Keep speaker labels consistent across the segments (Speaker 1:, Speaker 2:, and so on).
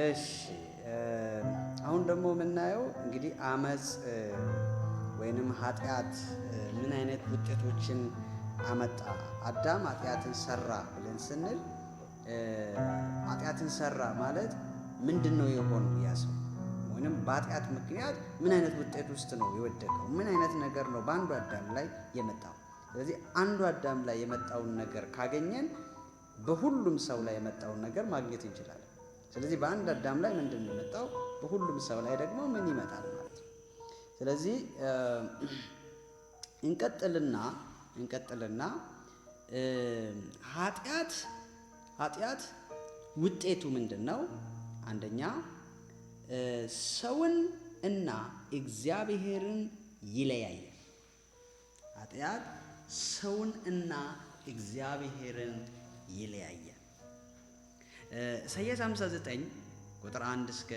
Speaker 1: እሺ አሁን ደግሞ የምናየው እንግዲህ አመፅ ወይንም ኃጢአት ምን አይነት ውጤቶችን አመጣ? አዳም ኃጢአትን ሰራ ብለን ስንል ኃጢአትን ሰራ ማለት ምንድን ነው የሆነው? ያሰው? ወይንም በኃጢአት ምክንያት ምን አይነት ውጤት ውስጥ ነው የወደቀው? ምን አይነት ነገር ነው በአንዱ አዳም ላይ የመጣው? ስለዚህ አንዱ አዳም ላይ የመጣውን ነገር ካገኘን በሁሉም ሰው ላይ የመጣውን ነገር ማግኘት እንችላለን። ስለዚህ በአንድ አዳም ላይ ምንድን ነው የመጣው? በሁሉም ሰው ላይ ደግሞ ምን ይመጣል ማለት ነው። ስለዚህ እንቀጥልና እንቀጥልና ኃጢአት ኃጢአት ውጤቱ ምንድን ነው? አንደኛ ሰውን እና እግዚአብሔርን ይለያያል። ኃጢአት ሰውን እና እግዚአብሔርን ይለያያል። ኢሳይያስ 59 ቁጥር 1 እስከ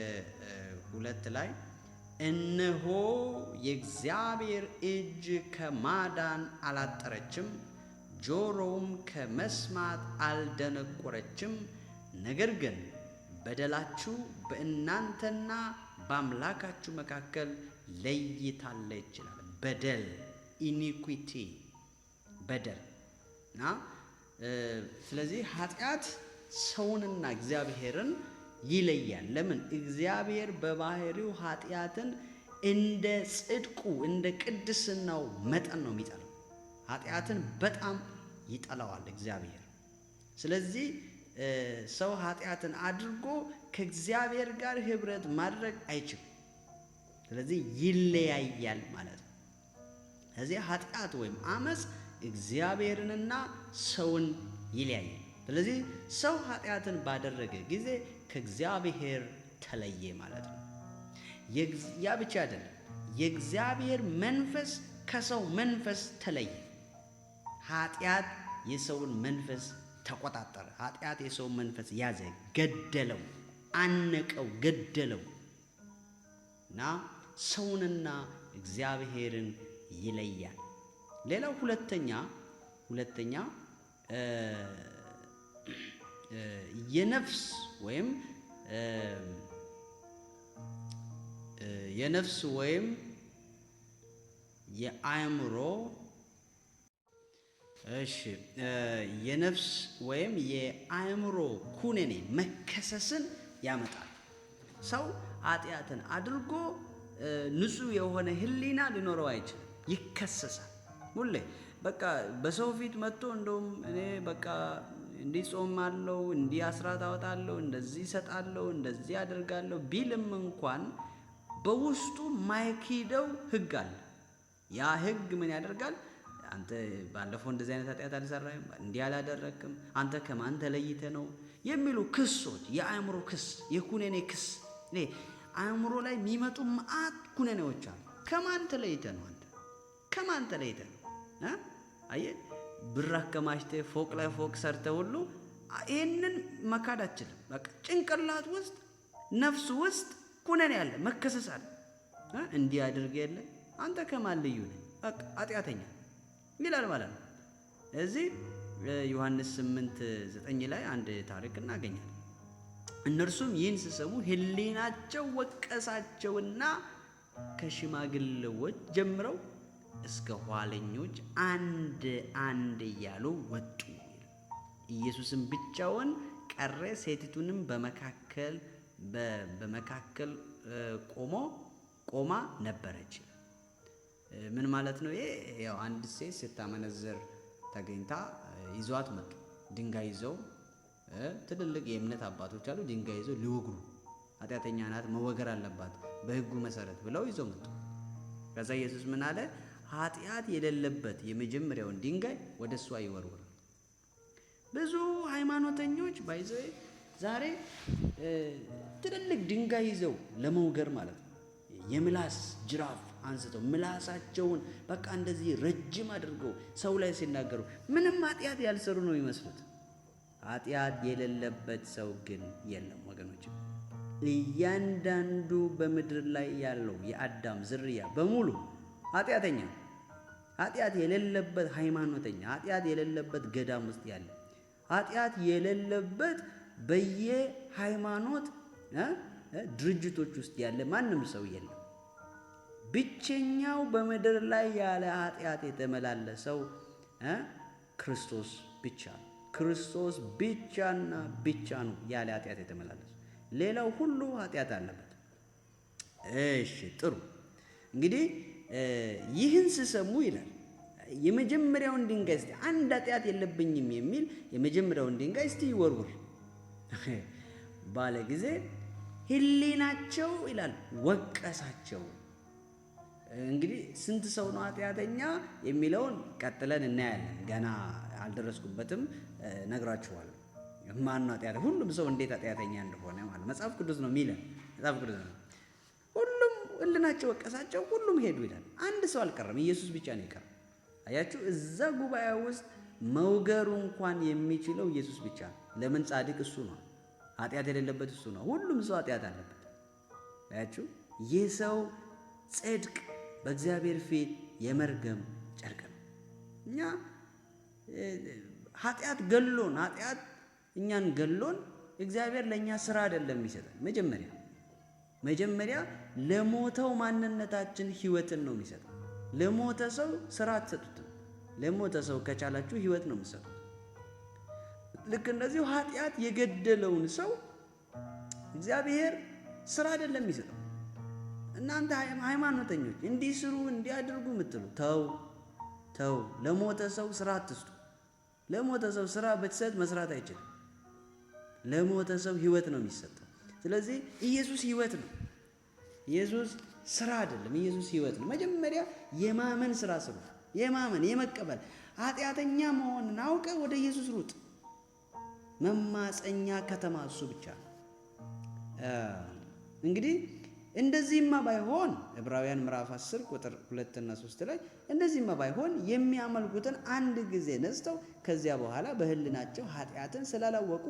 Speaker 1: 2 ላይ እነሆ የእግዚአብሔር እጅ ከማዳን አላጠረችም፣ ጆሮውም ከመስማት አልደነቆረችም። ነገር ግን በደላችሁ በእናንተና በአምላካችሁ መካከል ለይታለ ይችላል። በደል ኢኒኩዊቲ በደል እና ስለዚህ ኃጢአት ሰውንና እግዚአብሔርን ይለያል። ለምን? እግዚአብሔር በባህሪው ኃጢአትን እንደ ጽድቁ እንደ ቅድስናው መጠን ነው የሚጠላው። ኃጢአትን በጣም ይጠላዋል እግዚአብሔር። ስለዚህ ሰው ኃጢአትን አድርጎ ከእግዚአብሔር ጋር ህብረት ማድረግ አይችልም። ስለዚህ ይለያያል ማለት ነው። ስለዚህ ኃጢአት ወይም አመፅ እግዚአብሔርንና ሰውን ይለያያል። ስለዚህ ሰው ኃጢአትን ባደረገ ጊዜ ከእግዚአብሔር ተለየ ማለት ነው። ያ ብቻ አይደለም፣ የእግዚአብሔር መንፈስ ከሰው መንፈስ ተለየ። ኃጢአት የሰውን መንፈስ ተቆጣጠረ። ኃጢአት የሰውን መንፈስ ያዘ፣ ገደለው፣ አነቀው፣ ገደለው እና ሰውንና እግዚአብሔርን ይለያል። ሌላው ሁለተኛ ሁለተኛ የነፍስ ወይም የነፍስ ወይም የአእምሮ እሺ የነፍስ ወይም የአእምሮ ኩነኔ መከሰስን ያመጣል። ሰው ኃጢአትን አድርጎ ንጹህ የሆነ ህሊና ሊኖረው አይችልም። ይከሰሳል ሁሌ በቃ በሰው ፊት መጥቶ እንደውም እኔ በቃ እንዲህ ጾማለሁ፣ እንዲህ አስራት አወጣለሁ፣ እንደዚህ እሰጣለሁ፣ እንደዚህ አደርጋለሁ ቢልም እንኳን በውስጡ ማይኪደው ህግ አለ። ያ ህግ ምን ያደርጋል? አንተ ባለፈው እንደዚህ አይነት ኃጢአት አልሰራህም፣ እንዲህ አላደረግክም፣ አንተ ከማን ተለይተ ነው የሚሉ ክሶች፣ የአእምሮ ክስ፣ የኩነኔ ክስ፣ አእምሮ ላይ የሚመጡ መዓት ኩነኔዎች አሉ። ከማን ተለይተ ነው? አንተ ከማን ተለይተ ነው? አየህ ብር አከማችተ ፎቅ ላይ ፎቅ ሰርተ ሁሉ ይህንን መካድ አችልም። በቃ ጭንቅላት ውስጥ ነፍሱ ውስጥ ኩነን ያለ መከሰስ አለ። እንዲህ አድርግ የለ አንተ ከማን ልዩ ነህ? በቃ ይላል ማለት ነው። እዚህ ዮሐንስ 8 9 ላይ አንድ ታሪክ እናገኛለን። እነርሱም ይህን ሲሰሙ ሕሊናቸው ወቀሳቸውና ከሽማግሌዎች ጀምረው እስከ ኋለኞች አንድ አንድ እያሉ ወጡ። ኢየሱስም ብቻውን ቀረ። ሴቲቱንም በመካከል በመካከል ቆሞ ቆማ ነበረች። ምን ማለት ነው? ይሄ ያው አንድ ሴት ስታመነዝር ተገኝታ ይዟት መጡ። ድንጋይ ይዘው ትልልቅ የእምነት አባቶች አሉ። ድንጋይ ይዘው ሊወግሩ ኃጢአተኛ ናት፣ መወገር አለባት በህጉ መሰረት ብለው ይዘው መጡ። ከዛ ኢየሱስ ምን አለ? ኃጢአት የሌለበት የመጀመሪያውን ድንጋይ ወደ እሷ ይወርውር። ብዙ ሃይማኖተኞች ባይዘ ዛሬ ትልልቅ ድንጋይ ይዘው ለመውገር ማለት ነው የምላስ ጅራፍ አንስተው ምላሳቸውን በቃ እንደዚህ ረጅም አድርገው ሰው ላይ ሲናገሩ ምንም ኃጢአት ያልሰሩ ነው ይመስሉት። ኃጢአት የሌለበት ሰው ግን የለም ወገኖች። እያንዳንዱ በምድር ላይ ያለው የአዳም ዝርያ በሙሉ ኃጢአተኛ ኃጢአት የሌለበት ሃይማኖተኛ ኃጢአት የሌለበት ገዳም ውስጥ ያለ ኃጢአት የሌለበት በየሃይማኖት ድርጅቶች ውስጥ ያለ ማንም ሰው የለም። ብቸኛው በምድር ላይ ያለ ኃጢአት የተመላለሰው ክርስቶስ ብቻ ነው። ክርስቶስ ብቻና ብቻ ነው ያለ ኃጢአት የተመላለሰው። ሌላው ሁሉ ኃጢአት አለበት። እሺ ጥሩ እንግዲህ ይህን ስሰሙ ይላል የመጀመሪያውን ድንጋይ እስቲ አንድ ኃጢአት የለብኝም የሚል የመጀመሪያውን ድንጋይ እስቲ ይወርውር ባለ ጊዜ ሕሊናቸው ይላል ወቀሳቸው። እንግዲህ ስንት ሰው ነው ኃጢአተኛ የሚለውን ቀጥለን እናያለን። ገና አልደረስኩበትም፣ ነግራችኋለሁ። ማን ነው ኃጢአተኛ? ሁሉም ሰው እንዴት ኃጢአተኛ እንደሆነ ማለት መጽሐፍ ቅዱስ ነው የሚለን መጽሐፍ ቅዱስ ነው እልናቸው ወቀሳቸው፣ ሁሉም ሄዱ ይላል። አንድ ሰው አልቀረም፣ ኢየሱስ ብቻ ነው የቀረ። አያችሁ፣ እዛ ጉባኤ ውስጥ መውገሩ እንኳን የሚችለው ኢየሱስ ብቻ ነው። ለምን? ጻድቅ እሱ ነው፣ ኃጢአት የሌለበት እሱ ነው። ሁሉም ሰው ኃጢአት አለበት። አያችሁ፣ ይህ ሰው ጽድቅ በእግዚአብሔር ፊት የመርገም ጨርቅ ነው። እኛ ኃጢአት ገሎን ኃጢአት እኛን ገሎን እግዚአብሔር ለእኛ ስራ አይደለም ይሰጣል መጀመሪያ መጀመሪያ ለሞተው ማንነታችን ህይወትን ነው የሚሰጠው። ለሞተ ሰው ስራ አትሰጡትም። ለሞተ ሰው ከቻላችሁ ህይወት ነው የምትሰጡት። ልክ እንደዚሁ ኃጢአት የገደለውን ሰው እግዚአብሔር ስራ አይደለም የሚሰጠው። እናንተ ሃይማኖተኞች እንዲስሩ እንዲያደርጉ የምትሉ ተው ተው፣ ለሞተ ሰው ስራ አትስጡ። ለሞተ ሰው ስራ ብትሰጥ መስራት አይችልም። ለሞተ ሰው ህይወት ነው የሚሰጠው። ስለዚህ ኢየሱስ ህይወት ነው። ኢየሱስ ስራ አይደለም፣ ኢየሱስ ህይወት ነው። መጀመሪያ የማመን ስራ ስሩ፣ የማመን የመቀበል ኃጢአተኛ መሆንን አውቀ ወደ ኢየሱስ ሩጥ። መማፀኛ ከተማ እሱ ብቻ ነው። እንግዲህ እንደዚህማ ባይሆን ዕብራውያን ምዕራፍ 10 ቁጥር 2 እና 3 ላይ እንደዚህማ ባይሆን የሚያመልኩትን አንድ ጊዜ ነስተው ከዚያ በኋላ በህልናቸው ኃጢአትን ስላላወቁ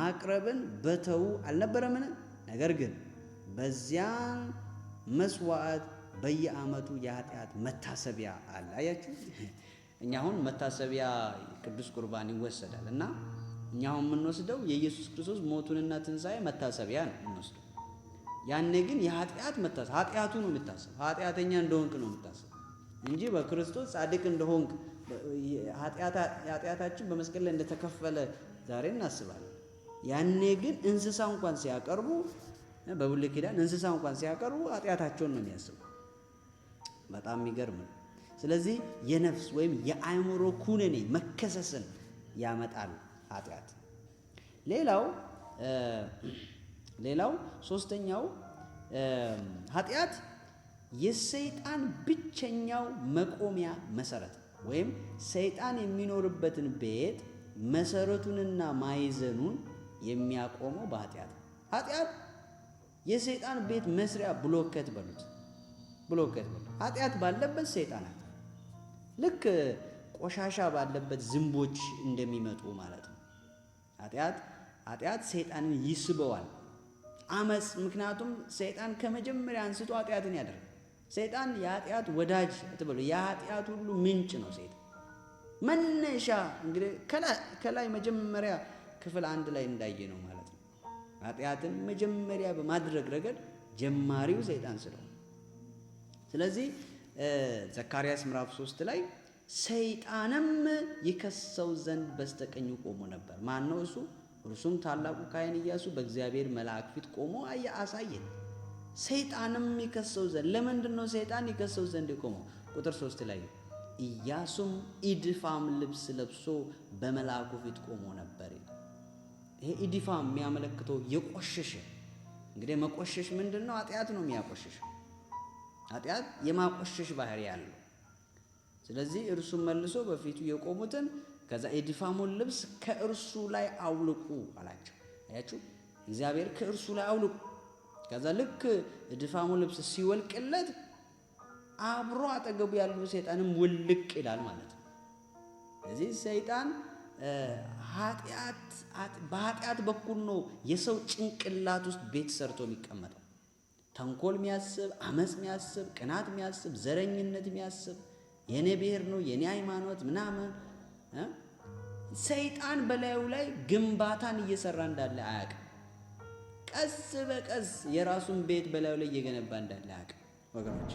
Speaker 1: ማቅረብን በተዉ አልነበረምን? ነገር ግን በዚያን መስዋዕት በየዓመቱ የኃጢአት መታሰቢያ አለ። አያችሁ፣ እኛ አሁን መታሰቢያ ቅዱስ ቁርባን ይወሰዳል እና እኛ አሁን የምንወስደው የኢየሱስ ክርስቶስ ሞቱንና ትንሣኤ መታሰቢያ ነው የምንወስደው። ያኔ ግን የኃጢአት መታሰብ ኃጢአቱ ነው የምታሰብ፣ ኃጢአተኛ እንደሆንክ ነው የምታሰብ እንጂ በክርስቶስ ጻድቅ እንደሆንክ ኃጢአታችን በመስቀል ላይ እንደተከፈለ ዛሬ እናስባለን። ያኔ ግን እንስሳ እንኳን ሲያቀርቡ በብሉይ ኪዳን እንስሳ እንኳን ሲያቀርቡ ኃጢአታቸውን ነው የሚያስቡ። በጣም የሚገርም ነው። ስለዚህ የነፍስ ወይም የአእምሮ ኩነኔ መከሰስን ያመጣል ኃጢአት። ሌላው ሌላው ሶስተኛው ኃጢአት የሰይጣን ብቸኛው መቆሚያ መሰረት ወይም ሰይጣን የሚኖርበትን ቤት መሰረቱንና ማዕዘኑን የሚያቆመው በኃጢአት ኃጢአት የሰይጣን ቤት መስሪያ ብሎከት በሉት ብሎከት በሉት። ኃጢአት ባለበት ሰይጣናት ልክ ቆሻሻ ባለበት ዝንቦች እንደሚመጡ ማለት ነው። ኃጢአት ኃጢአት ሰይጣንን ይስበዋል። አመፅ፣ ምክንያቱም ሰይጣን ከመጀመሪያ አንስቶ ኃጢአትን ያደርጋል። ሰይጣን የኃጢአት ወዳጅ ትበሉ፣ የኃጢአት ሁሉ ምንጭ ነው ሰይጣን መነሻ። እንግዲህ ከላይ መጀመሪያ ክፍል አንድ ላይ እንዳየ ነው ማለት ኃጢአትን መጀመሪያ በማድረግ ረገድ ጀማሪው ሰይጣን ስለሆነ፣ ስለዚህ ዘካርያስ ምዕራፍ ሶስት ላይ ሰይጣንም ይከሰው ዘንድ በስተቀኙ ቆሞ ነበር። ማን ነው እሱ? እርሱም ታላቁ ካህን ኢያሱ በእግዚአብሔር መልአክ ፊት ቆሞ አሳየን። ሰይጣንም ይከሰው ዘንድ ለምንድን ነው ሰይጣን ይከሰው ዘንድ የቆመው? ቁጥር 3 ላይ ኢያሱም ኢድፋም ልብስ ለብሶ በመልአኩ ፊት ቆሞ ነበር ይላል። ይሄ ኢዲፋ የሚያመለክተው የቆሸሸ እንግዲህ መቆሸሽ ምንድን ነው? ኃጢአት ነው የሚያቆሸሸው። ኃጢአት የማቆሸሽ ባህሪ ያለው። ስለዚህ እርሱን መልሶ በፊቱ የቆሙትን ከዛ የዲፋሙን ልብስ ከእርሱ ላይ አውልቁ አላቸው። አያችሁ፣ እግዚአብሔር ከእርሱ ላይ አውልቁ። ከዛ ልክ ዲፋሙ ልብስ ሲወልቅለት አብሮ አጠገቡ ያሉ ሰይጣንም ውልቅ ይላል ማለት ነው። ስለዚህ ሰይጣን በኃጢአት በኩል ነው የሰው ጭንቅላት ውስጥ ቤት ሰርቶ የሚቀመጠው። ተንኮል የሚያስብ አመፅ የሚያስብ ቅናት የሚያስብ ዘረኝነት የሚያስብ የእኔ ብሔር ነው የእኔ ሃይማኖት ምናምን ሰይጣን በላዩ ላይ ግንባታን እየሰራ እንዳለ አያውቅም። ቀስ በቀስ የራሱን ቤት በላዩ ላይ እየገነባ እንዳለ አያውቅም። ወገኖች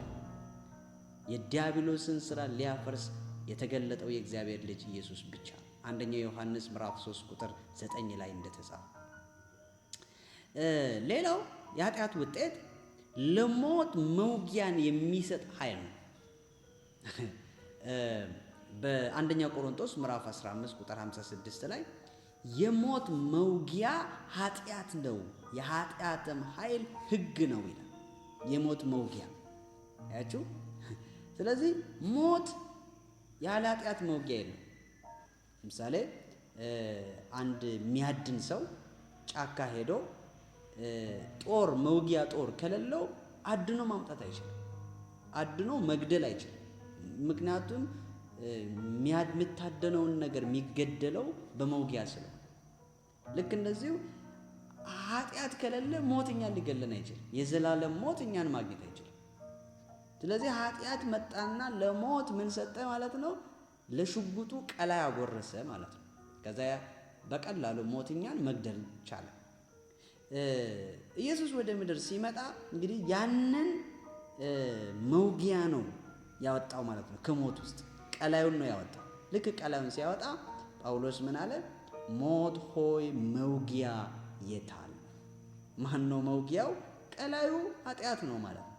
Speaker 1: የዲያብሎስን ስራ ሊያፈርስ የተገለጠው የእግዚአብሔር ልጅ ኢየሱስ ብቻ ነው። አንደኛ ዮሐንስ ምዕራፍ 3 ቁጥር 9 ላይ እንደተጻፈ። ሌላው የኃጢአት ውጤት ለሞት መውጊያን የሚሰጥ ኃይል ነው። በአንደኛ ቆሮንቶስ ምዕራፍ 15 ቁጥር 56 ላይ የሞት መውጊያ ኃጢአት ነው፣ የኃጢአትም ኃይል ሕግ ነው ይላል። የሞት መውጊያ ያችሁ። ስለዚህ ሞት ያለ ኃጢአት መውጊያ የለም። ለምሳሌ አንድ የሚያድን ሰው ጫካ ሄዶ ጦር መውጊያ ጦር ከሌለው አድኖ ማምጣት አይችልም። አድኖ መግደል አይችልም። ምክንያቱም የምታደነውን ነገር የሚገደለው በመውጊያ ስለሆነ፣ ልክ እንደዚሁ ኃጢአት ከሌለ ሞት እኛን ሊገለን አይችልም። የዘላለም ሞት እኛን ማግኘት አይችልም። ስለዚህ ኃጢአት መጣና ለሞት ምን ሰጠ ማለት ነው? ለሽጉጡ ቀላ ያጎረሰ ማለት ነው። ከዛ በቀላሉ ሞትኛን መግደል ቻለ። ኢየሱስ ወደ ምድር ሲመጣ እንግዲህ ያንን መውጊያ ነው ያወጣው ማለት ነው። ከሞት ውስጥ ቀላዩን ነው ያወጣው። ልክ ቀላዩን ሲያወጣ ጳውሎስ ምን አለ? ሞት ሆይ መውጊያ የታል? ማን ነው መውጊያው? ቀላዩ ኃጢአት ነው ማለት ነው።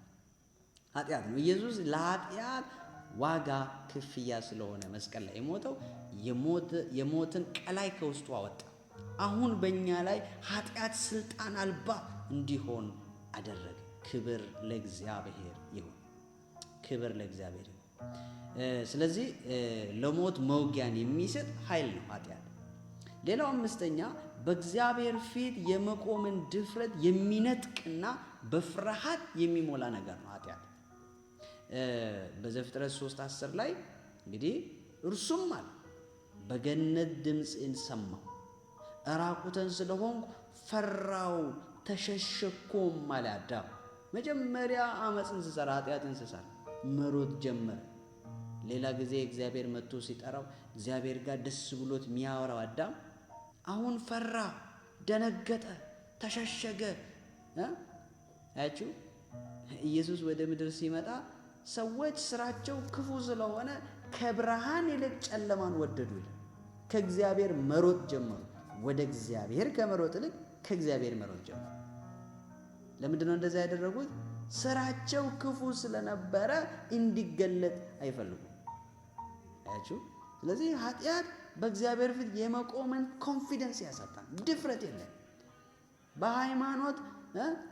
Speaker 1: ኃጢአት ነው። ኢየሱስ ለኃጢአት ዋጋ ክፍያ ስለሆነ መስቀል ላይ የሞተው የሞትን ቀላይ ከውስጡ አወጣ። አሁን በእኛ ላይ ኃጢአት ስልጣን አልባ እንዲሆን አደረገ። ክብር ለእግዚአብሔር ይሁን። ክብር ለእግዚአብሔር ይሁን። ስለዚህ ለሞት መውጊያን የሚሰጥ ኃይል ነው ኃጢአት። ሌላው አምስተኛ በእግዚአብሔር ፊት የመቆምን ድፍረት የሚነጥቅና በፍርሃት የሚሞላ ነገር ነው ኃጢአት። በዘፍጥረት 3 10 ላይ እንግዲህ እርሱም አለ በገነት ድምፅን ሰማሁ፣ እራቁተን ስለሆንኩ ፈራው፣ ተሸሸኮም አለ አዳም። መጀመሪያ አመፅን ስሰራ ኃጢአትን ስሰራ መሮት ጀመረ። ሌላ ጊዜ እግዚአብሔር መጥቶ ሲጠራው እግዚአብሔር ጋር ደስ ብሎት የሚያወራው አዳም አሁን ፈራ፣ ደነገጠ፣ ተሸሸገ። አያችሁ ኢየሱስ ወደ ምድር ሲመጣ ሰዎች ስራቸው ክፉ ስለሆነ ከብርሃን ይልቅ ጨለማን ወደዱ ይላል። ከእግዚአብሔር መሮጥ ጀመሩ። ወደ እግዚአብሔር ከመሮጥ ይልቅ ከእግዚአብሔር መሮጥ ጀመሩ። ለምንድን ነው እንደዚያ ያደረጉት? ስራቸው ክፉ ስለነበረ እንዲገለጥ አይፈልጉም። አያችሁ? ስለዚህ ኃጢአት በእግዚአብሔር ፊት የመቆምን ኮንፊደንስ ያሳጣል። ድፍረት የለም። በሃይማኖት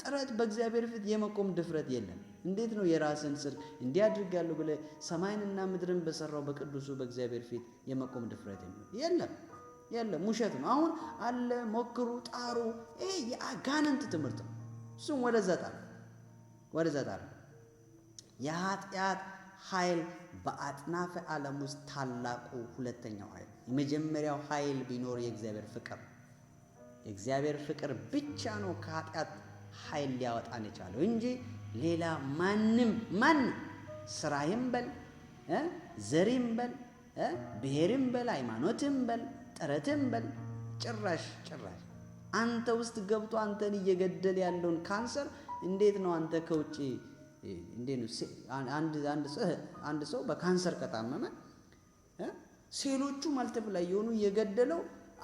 Speaker 1: ጥረት በእግዚአብሔር ፊት የመቆም ድፍረት የለም። እንዴት ነው የራስን ስር እንዲህ ያለው ብለ ሰማይንና ምድርን በሰራው በቅዱሱ በእግዚአብሔር ፊት የመቆም ድፍረት የለም፣ የለም። ውሸት ነው። አሁን አለ ሞክሩ፣ ጣሩ። ይሄ የአጋንንት ትምህርት ነው። እሱም ወደዛ ጣር ወደዛ ጣር የኃጢአት ኃይል በአጥናፈ ዓለም ውስጥ ታላቁ ሁለተኛው ኃይል የመጀመሪያው ኃይል ቢኖር የእግዚአብሔር ፍቅር የእግዚአብሔር ፍቅር ብቻ ነው ከኃጢአት ኃይል ሊያወጣን የቻለው እንጂ ሌላ ማንም ማን ስራይም በል ዘሪም በል ብሔርም በል ሃይማኖትም በል ጥረትም በል ጭራሽ ጭራሽ አንተ ውስጥ ገብቶ አንተን እየገደል ያለውን ካንሰር እንዴት ነው አንተ ከውጭ አንድ ሰው በካንሰር ከታመመ ሴሎቹ ማልተፕላይ የሆኑ እየገደለው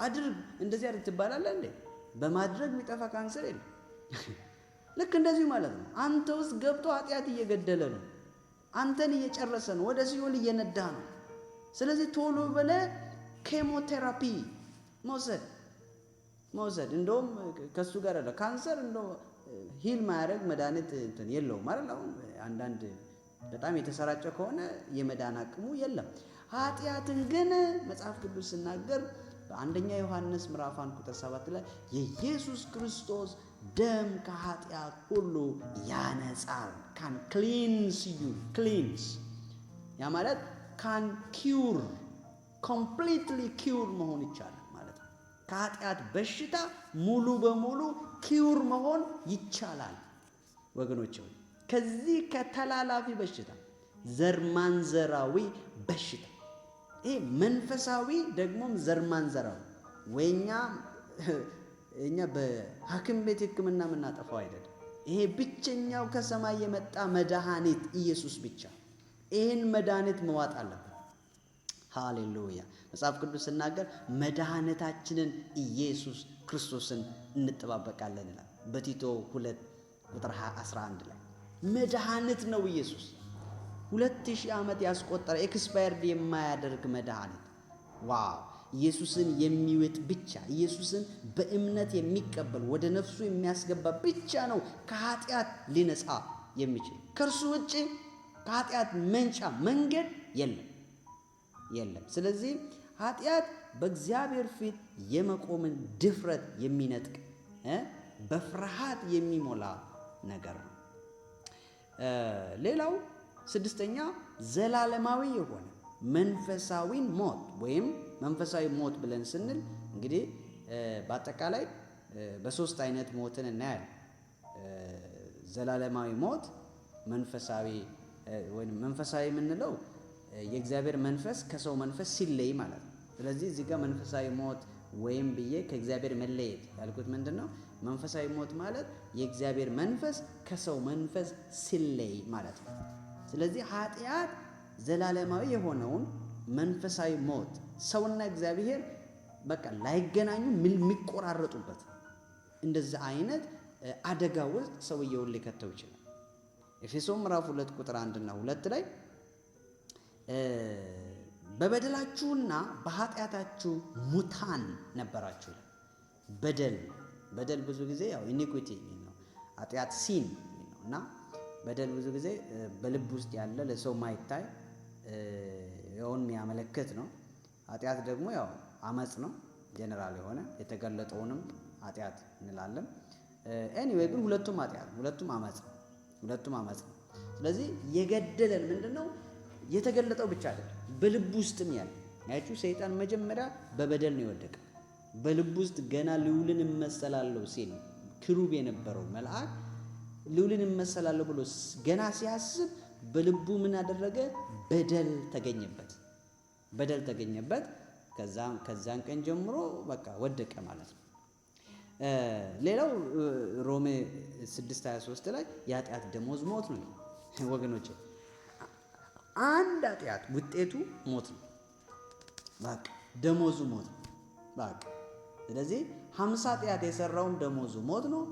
Speaker 1: አድርግ እንደዚህ አድርግ ትባላለህ እንዴ? በማድረግ የሚጠፋ ካንሰር የለም። ልክ እንደዚሁ ማለት ነው። አንተ ውስጥ ገብቶ ኃጢአት እየገደለ ነው። አንተን እየጨረሰ ነው። ወደ ሲኦል እየነዳ ነው። ስለዚህ ቶሎ በለ ኬሞቴራፒ መውሰድ መውሰድ እንደውም ከሱ ጋር አለ ካንሰር እንደ ሂል ማያደረግ መድኃኒት እንትን የለውም ማለት አሁን አንዳንድ በጣም የተሰራጨ ከሆነ የመዳን አቅሙ የለም። ኃጢአትን ግን መጽሐፍ ቅዱስ ሲናገር በአንደኛ ዮሐንስ ምዕራፍ አንድ ቁጥር ሰባት ላይ የኢየሱስ ክርስቶስ ደም ከኃጢአት ሁሉ ያነጻል። ካን ክሊንስ ዩ ክሊንስ ያ ማለት ካን ኪውር ኮምፕሊትሊ ኪውር መሆን ይቻላል ማለት ነው። ከኃጢአት በሽታ ሙሉ በሙሉ ኪውር መሆን ይቻላል ወገኖች። ከዚህ ከተላላፊ በሽታ ዘርማንዘራዊ በሽታ ይሄ መንፈሳዊ ደግሞም ዘርማንዘራዊ ወይኛ እኛ በሐኪም ቤት ሕክምና የምናጠፋው አይደለም። ይሄ ብቸኛው ከሰማይ የመጣ መድኃኒት ኢየሱስ ብቻ። ይህን መድኃኒት መዋጥ አለብን። ሃሌሉያ! መጽሐፍ ቅዱስ ስናገር መድኃኒታችንን ኢየሱስ ክርስቶስን እንጠባበቃለን ይላል በቲቶ 2 ቁጥር 11 ላይ መድኃኒት ነው ኢየሱስ። ሁለት ሺህ ዓመት ያስቆጠረ ኤክስፓየርድ የማያደርግ መድኃኒት ዋው! ኢየሱስን የሚውጥ ብቻ ኢየሱስን በእምነት የሚቀበል ወደ ነፍሱ የሚያስገባ ብቻ ነው ከኃጢአት ሊነጻ የሚችል። ከእርሱ ውጭ ከኃጢአት መንጫ መንገድ የለም የለም። ስለዚህ ኃጢአት በእግዚአብሔር ፊት የመቆምን ድፍረት የሚነጥቅ በፍርሃት የሚሞላ ነገር ነው። ሌላው ስድስተኛ ዘላለማዊ የሆነ መንፈሳዊን ሞት ወይም መንፈሳዊ ሞት ብለን ስንል እንግዲህ በአጠቃላይ በሶስት አይነት ሞትን እናያል ዘላለማዊ ሞት፣ መንፈሳዊ ወይም መንፈሳዊ የምንለው የእግዚአብሔር መንፈስ ከሰው መንፈስ ሲለይ ማለት ነው። ስለዚህ እዚህ ጋር መንፈሳዊ ሞት ወይም ብዬ ከእግዚአብሔር መለየት ያልኩት ምንድን ነው? መንፈሳዊ ሞት ማለት የእግዚአብሔር መንፈስ ከሰው መንፈስ ሲለይ ማለት ነው። ስለዚህ ኃጢአት ዘላለማዊ የሆነውን መንፈሳዊ ሞት ሰውና እግዚአብሔር በቃ ላይገናኙ የሚቆራረጡበት እንደዚህ አይነት አደጋ ውስጥ ሰውየውን ሊከተው ይችላል። ኤፌሶ ምዕራፍ ሁለት ቁጥር አንድና ሁለት ላይ በበደላችሁና በኃጢአታችሁ ሙታን ነበራችሁ። በደል በደል ብዙ ጊዜ ያው ኢኒኩቲ ነው ኃጢአት ሲን ነው እና በደል ብዙ ጊዜ በልብ ውስጥ ያለ ለሰው ማይታይ ይኸውን የሚያመለክት ነው። ኃጢአት ደግሞ ያው አመፅ ነው፣ ጀነራል የሆነ የተገለጠውንም ኃጢአት እንላለን። ኤኒዌይ ግን ሁለቱም ኃጢአት ሁለቱም አመፅ ሁለቱም አመፅ ነው። ስለዚህ የገደለን ምንድን ነው? የተገለጠው ብቻ አይደለም፣ በልብ ውስጥም ያለ ያችሁ። ሰይጣን መጀመሪያ በበደል ነው የወደቀ። በልብ ውስጥ ገና ልዑልን እመሰላለሁ ሲል ክሩብ የነበረው መልአክ ልዑልን እመሰላለሁ ብሎ ገና ሲያስብ በልቡ ምን አደረገ? በደል ተገኘበት፣ በደል ተገኘበት። ከዛን ቀን ጀምሮ በቃ ወደቀ ማለት ነው። ሌላው ሮሜ 6:23 ላይ የኃጢአት ደሞዝ ሞት ነው። ወገኖች አንድ ኃጢአት ውጤቱ ሞት ነው። በቃ ደሞዙ ሞት ነው። በቃ ስለዚህ 50 ኃጢአት የሰራውም ደሞዙ ሞት ነው።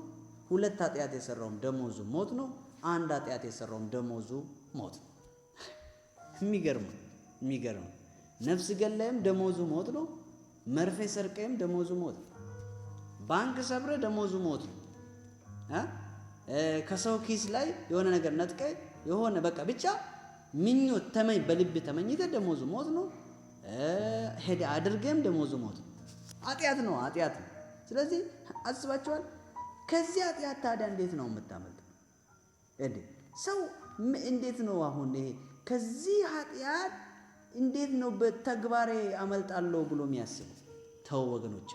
Speaker 1: ሁለት ኃጢአት የሰራውም ደሞዙ ሞት ነው። አንድ ኃጢአት የሰራውም ደሞዙ ሞት። የሚገርም የሚገርም ነፍስ ገላይም ደሞዙ ሞት ነው። መርፌ ሰርቀይም ደሞዙ ሞት ነው። ባንክ ሰብረ ደሞዙ ሞት ነው። ከሰው ኪስ ላይ የሆነ ነገር ነጥቀ የሆነ በቃ ብቻ ምኞት ተመኝ በልብ ተመኝተ ደሞዙ ሞት ነው። ሄደ አድርገም ደሞዙ ሞት ነው። ኃጢአት ነው፣ ኃጢአት ነው። ስለዚህ አስባችኋል። ከዚህ ኃጢአት ታዲያ እንዴት ነው የምታመልጥ እንዴ ሰው እንዴት ነው አሁን ይሄ ከዚህ ኃጢአት እንዴት ነው በተግባሬ አመልጣለሁ ብሎ የሚያስብ ተው ወገኖች፣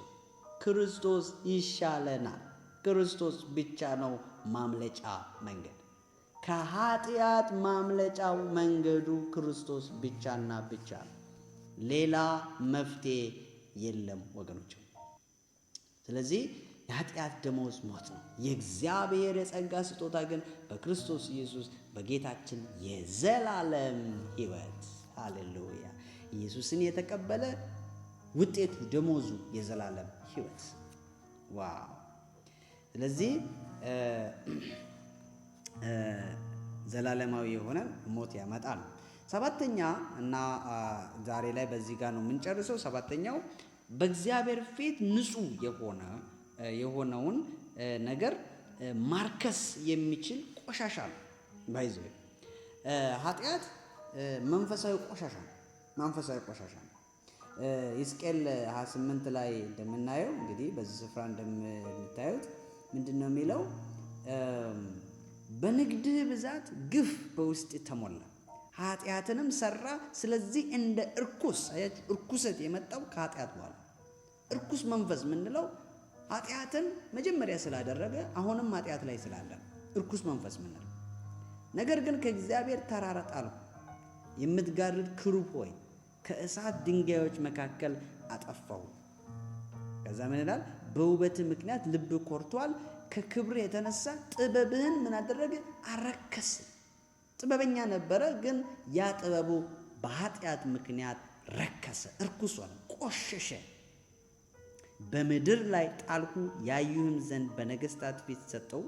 Speaker 1: ክርስቶስ ይሻለናል። ክርስቶስ ብቻ ነው ማምለጫ መንገድ። ከኃጢአት ማምለጫው መንገዱ ክርስቶስ ብቻና ብቻ ነው። ሌላ መፍትሄ የለም ወገኖች። ስለዚህ የኃጢአት ደመወዝ ሞት ነው። የእግዚአብሔር የጸጋ ስጦታ ግን በክርስቶስ ኢየሱስ በጌታችን የዘላለም ሕይወት። ሃሌሉያ! ኢየሱስን የተቀበለ ውጤቱ ደመወዙ የዘላለም ሕይወት። ዋ ስለዚህ ዘላለማዊ የሆነ ሞት ያመጣል። ሰባተኛ እና ዛሬ ላይ በዚህ ጋር ነው የምንጨርሰው። ሰባተኛው በእግዚአብሔር ፊት ንጹሕ የሆነ የሆነውን ነገር ማርከስ የሚችል ቆሻሻ ነው። ባይዘ ኃጢአት መንፈሳዊ ቆሻሻ ነው። መንፈሳዊ ቆሻሻ ነው። ሕዝቅኤል 28 ላይ እንደምናየው እንግዲህ በዚህ ስፍራ እንደምታዩት ምንድን ነው የሚለው? በንግድህ ብዛት ግፍ በውስጥ ተሞላ፣ ኃጢአትንም ሰራ። ስለዚህ እንደ እርኩስ እርኩሰት የመጣው ከኃጢአት በኋላ እርኩስ መንፈስ ምንለው? ኃጢአትን መጀመሪያ ስላደረገ አሁንም ኃጢአት ላይ ስላለ እርኩስ መንፈስ ምንል። ነገር ግን ከእግዚአብሔር ተራራ ጣልሁ፣ የምትጋርድ ክሩብ ሆይ ከእሳት ድንጋዮች መካከል አጠፋሁ። ከዛ ምን ይላል? በውበት ምክንያት ልብ ኮርቷል፣ ከክብር የተነሳ ጥበብህን ምን አደረገ? አረከስ። ጥበበኛ ነበረ፣ ግን ያ ጥበቡ በኃጢአት ምክንያት ረከሰ፣ እርኩስ ሆነ፣ ቆሸሸ። በምድር ላይ ጣልኩ ያዩህም ዘንድ በነገስታት ፊት ሰጠው።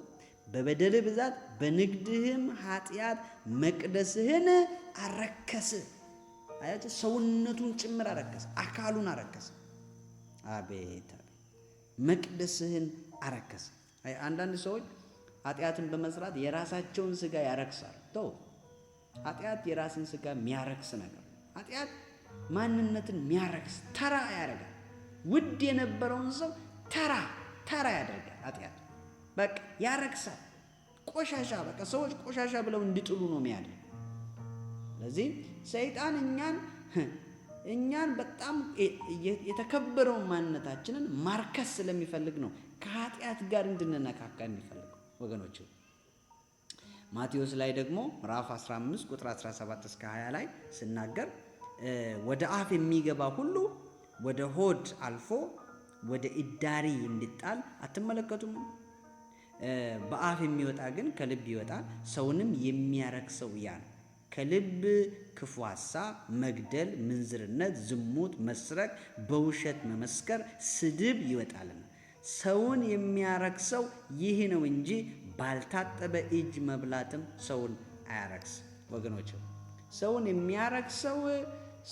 Speaker 1: በበደል ብዛት በንግድህም ኃጢአት መቅደስህን አረከስ። አያቸው ሰውነቱን ጭምር አረከስ፣ አካሉን አረከስ። አቤት መቅደስህን አረከስ። አንዳንድ ሰዎች ኃጢአትን በመስራት የራሳቸውን ስጋ ያረክሳል። ተው፣ ኃጢአት የራስን ስጋ የሚያረክስ ነገር ኃጢአት ማንነትን የሚያረክስ ተራ ያደርጋል። ውድ የነበረውን ሰው ተራ ተራ ያደርጋል። ኃጢአት በቃ ያረክሳል። ቆሻሻ በቃ ሰዎች ቆሻሻ ብለው እንዲጥሉ ነው የሚያደርግ። ስለዚህ ሰይጣን እኛን እኛን በጣም የተከበረውን ማንነታችንን ማርከስ ስለሚፈልግ ነው ከኃጢአት ጋር እንድንነካካ የሚፈልግ ወገኖች። ማቴዎስ ላይ ደግሞ ምዕራፍ 15 ቁጥር 17 እስከ 20 ላይ ስናገር ወደ አፍ የሚገባ ሁሉ ወደ ሆድ አልፎ ወደ እዳሪ እንዲጣል አትመለከቱም? በአፍ የሚወጣ ግን ከልብ ይወጣል፣ ሰውንም የሚያረክሰው ያ ነው። ከልብ ክፉ ሐሳብ፣ መግደል፣ ምንዝርነት፣ ዝሙት፣ መስረቅ፣ በውሸት መመስከር፣ ስድብ ይወጣልና ሰውን የሚያረክሰው ይህ ነው እንጂ ባልታጠበ እጅ መብላትም ሰውን አያረክስ። ወገኖች ሰውን የሚያረክሰው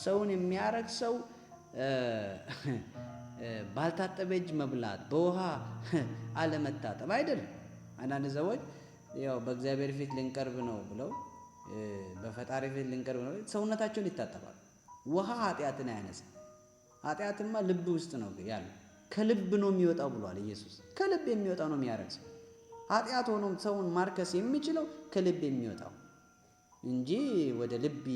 Speaker 1: ሰውን የሚያረክሰው ባልታጠበ እጅ መብላት፣ በውሃ አለመታጠብ አይደለም። አንዳንድ ሰዎች ያው በእግዚአብሔር ፊት ልንቀርብ ነው ብለው በፈጣሪ ፊት ልንቀርብ ነው ሰውነታቸውን ይታጠባሉ። ውሃ ኃጢአትን አያነሳም። ኃጢአትማ ልብ ውስጥ ነው ያለው። ከልብ ነው የሚወጣው ብሏል ኢየሱስ። ከልብ የሚወጣው ነው ሰው። ኃጢአት ሆኖም ሰውን ማርከስ የሚችለው ከልብ የሚወጣው እንጂ ወደ ልብ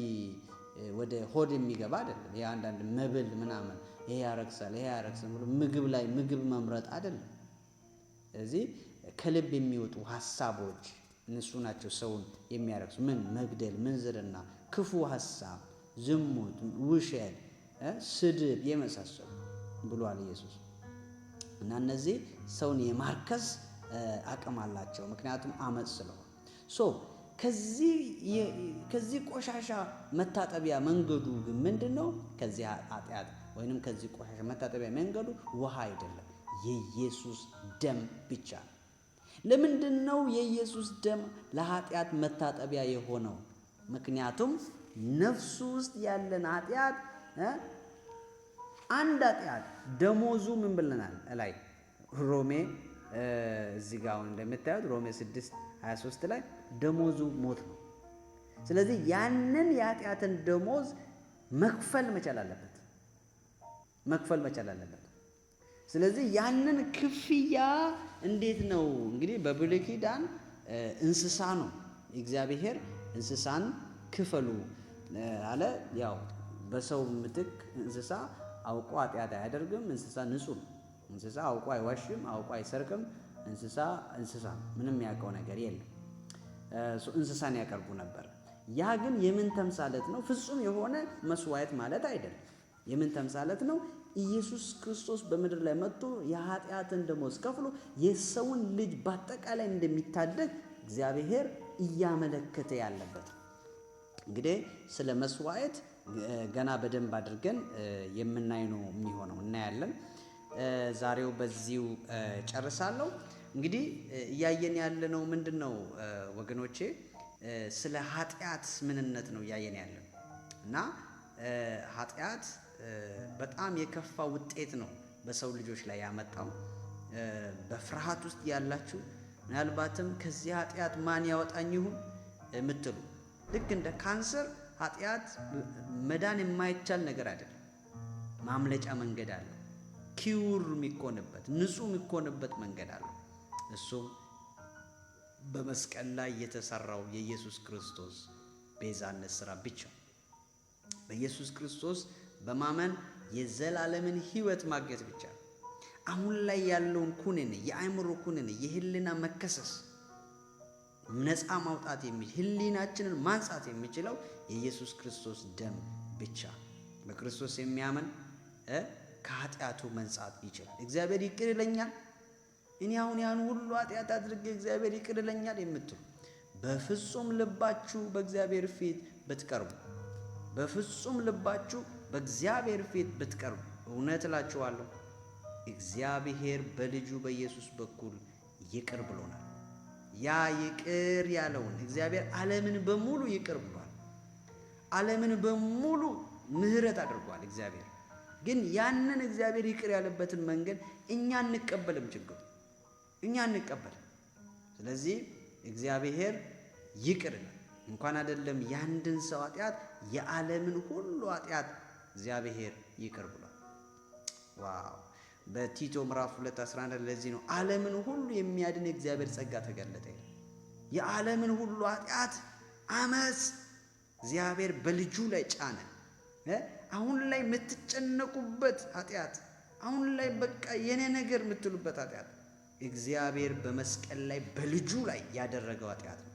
Speaker 1: ወደ ሆድ የሚገባ አይደለም። ይሄ አንዳንድ መብል ምናምን ይሄ ያረግሳል፣ ይሄ ያረክሳል ምግብ ላይ ምግብ መምረጥ አይደለም። ስለዚህ ከልብ የሚወጡ ሀሳቦች እነሱ ናቸው ሰውን የሚያረግሱ። ምን መግደል፣ ምንዝርና፣ ክፉ ሀሳብ፣ ዝሙት፣ ውሸት፣ ስድብ የመሳሰሉ ብሏል ኢየሱስ እና እነዚህ ሰውን የማርከስ አቅም አላቸው፣ ምክንያቱም አመፅ ስለሆነ ከዚህ ቆሻሻ መታጠቢያ መንገዱ ግን ምንድን ነው? ከዚህ ኃጢአት ወይንም ከዚህ ቆሻሻ መታጠቢያ መንገዱ ውሃ አይደለም፣ የኢየሱስ ደም ብቻ ነው። ለምንድን ነው የኢየሱስ ደም ለኃጢአት መታጠቢያ የሆነው? ምክንያቱም ነፍሱ ውስጥ ያለን ኃጢአት አንድ ኃጢአት ደሞዙ ምን ብለናል? ላይ ሮሜ እዚህ ጋር አሁን እንደምታዩት ሮሜ 6 23 ላይ ደሞዙ ሞት ነው። ስለዚህ ያንን የኃጢአትን ደሞዝ መክፈል መቻል አለበት መክፈል መቻል አለበት። ስለዚህ ያንን ክፍያ እንዴት ነው እንግዲህ በብሉይ ኪዳን እንስሳ ነው እግዚአብሔር እንስሳን ክፈሉ አለ። ያው በሰው ምትክ እንስሳ አውቆ ኃጢአት አያደርግም። እንስሳ ንጹህ ነው። እንስሳ አውቆ አይዋሽም፣ አውቆ አይሰርቅም። እንስሳ እንስሳ ምንም ያውቀው ነገር የለም። እንስሳን ያቀርቡ ነበር። ያ ግን የምን ተምሳለት ነው? ፍጹም የሆነ መስዋዕት ማለት አይደለም። የምን ተምሳለት ነው? ኢየሱስ ክርስቶስ በምድር ላይ መጥቶ የኃጢአትን ደሞዝ ከፍሎ የሰውን ልጅ በአጠቃላይ እንደሚታደግ እግዚአብሔር እያመለከተ ያለበት እንግዲህ ስለ መስዋዕት ገና በደንብ አድርገን የምናይ ነው የሚሆነው። እናያለን። ዛሬው በዚሁ ጨርሳለሁ። እንግዲህ እያየን ያለነው ምንድን ነው ወገኖቼ? ስለ ኃጢአት ምንነት ነው እያየን ያለን እና ኃጢአት በጣም የከፋ ውጤት ነው በሰው ልጆች ላይ ያመጣው። በፍርሃት ውስጥ ያላችሁ ምናልባትም ከዚህ ኃጢአት ማን ያወጣኝ ይሁን የምትሉ ልክ እንደ ካንሰር ኃጢአት መዳን የማይቻል ነገር አይደለም። ማምለጫ መንገድ አለው። ኪውር የሚኮንበት ንጹህ የሚኮንበት መንገድ አለው። እሱም በመስቀል ላይ የተሰራው የኢየሱስ ክርስቶስ ቤዛነት ስራ ብቻ። በኢየሱስ ክርስቶስ በማመን የዘላለምን ህይወት ማግኘት ብቻ። አሁን ላይ ያለውን ኩንን የአእምሮ ኩንን የህልና መከሰስ ነፃ ማውጣት የሚችል ህሊናችንን ማንጻት የሚችለው የኢየሱስ ክርስቶስ ደም ብቻ። በክርስቶስ የሚያምን ከኃጢአቱ መንጻት ይችላል። እግዚአብሔር ይቅር ይለኛል እኔ አሁን ያን ሁሉ ኃጢአት አድርጌ እግዚአብሔር ይቅርለኛል ይለኛል የምትሉ በፍጹም ልባችሁ በእግዚአብሔር ፊት ብትቀርቡ በፍጹም ልባችሁ በእግዚአብሔር ፊት ብትቀርቡ እውነት እላችኋለሁ እግዚአብሔር በልጁ በኢየሱስ በኩል ይቅር ብሎናል። ያ ይቅር ያለውን እግዚአብሔር ዓለምን በሙሉ ይቅር ብሏል። ዓለምን በሙሉ ምሕረት አድርጓል። እግዚአብሔር ግን ያንን እግዚአብሔር ይቅር ያለበትን መንገድ እኛ እንቀበልም ችግሩ እኛ እንቀበል። ስለዚህ እግዚአብሔር ይቅር እንኳን አይደለም የአንድን ሰው ኃጢአት የዓለምን ሁሉ ኃጢአት እግዚአብሔር ይቅር ብሏል። ዋው! በቲቶ ምዕራፍ 2 11 ለዚህ ነው ዓለምን ሁሉ የሚያድን የእግዚአብሔር ጸጋ ተገለጠ። የዓለምን ሁሉ ኃጢአት አመፅ እግዚአብሔር በልጁ ላይ ጫነ። አሁን ላይ የምትጨነቁበት ኃጢአት፣ አሁን ላይ በቃ የኔ ነገር የምትሉበት ኃጢአት እግዚአብሔር በመስቀል ላይ በልጁ ላይ ያደረገው ኃጢአት ነው።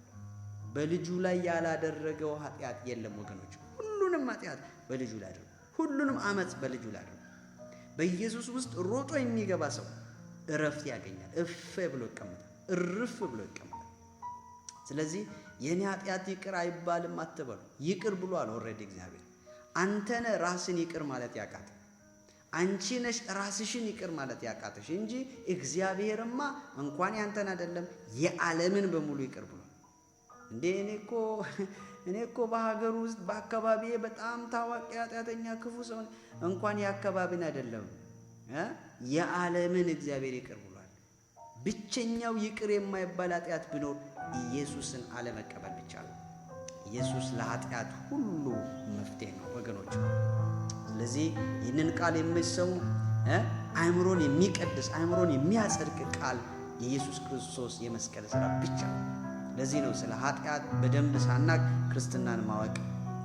Speaker 1: በልጁ ላይ ያላደረገው ኃጢአት የለም ወገኖች። ሁሉንም ኃጢአት በልጁ ላይ አድርጎ ሁሉንም አመፅ በልጁ ላይ አድርጎ በኢየሱስ ውስጥ ሮጦ የሚገባ ሰው እረፍት ያገኛል። እፌ ብሎ ይቀመጣል። እርፍ ብሎ ይቀመጣል። ስለዚህ የእኔ ኃጢአት ይቅር አይባልም አትበሉ። ይቅር ብሏል ኦልሬዲ እግዚአብሔር። አንተነ ራስን ይቅር ማለት ያቃተ አንቺ ነሽ ራስሽን ይቅር ማለት ያቃተሽ እንጂ እግዚአብሔርማ እንኳን ያንተን አይደለም የዓለምን በሙሉ ይቅር ብሎ እንዴ እኔ እኮ እኔ እኮ በሀገር ውስጥ በአካባቢዬ በጣም ታዋቂ ኃጢአተኛ፣ ክፉ ሰው እንኳን የአካባቢን አይደለም የዓለምን እግዚአብሔር ይቅር ብሏል። ብቸኛው ይቅር የማይባል ኃጢአት ቢኖር ኢየሱስን አለመቀበል ብቻ ነው። ኢየሱስ ለኃጢአት ሁሉ መፍትሄ ነው ወገኖች። ስለዚህ ይህንን ቃል የምትሰሙ አእምሮን የሚቀድስ አእምሮን የሚያጸድቅ ቃል የኢየሱስ ክርስቶስ የመስቀል ስራ ብቻ ነው። ለዚህ ነው ስለ ኃጢአት በደንብ ሳናቅ ክርስትናን ማወቅ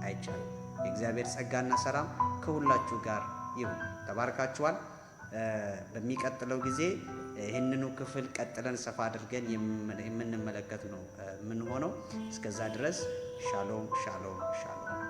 Speaker 1: አይቻልም። የእግዚአብሔር ጸጋና ሰላም ከሁላችሁ ጋር ይሁን። ተባርካችኋል። በሚቀጥለው ጊዜ ይህንኑ ክፍል ቀጥለን ሰፋ አድርገን የምንመለከት ነው የምንሆነው። እስከዛ ድረስ ሻሎም ሻሎም ሻሎም።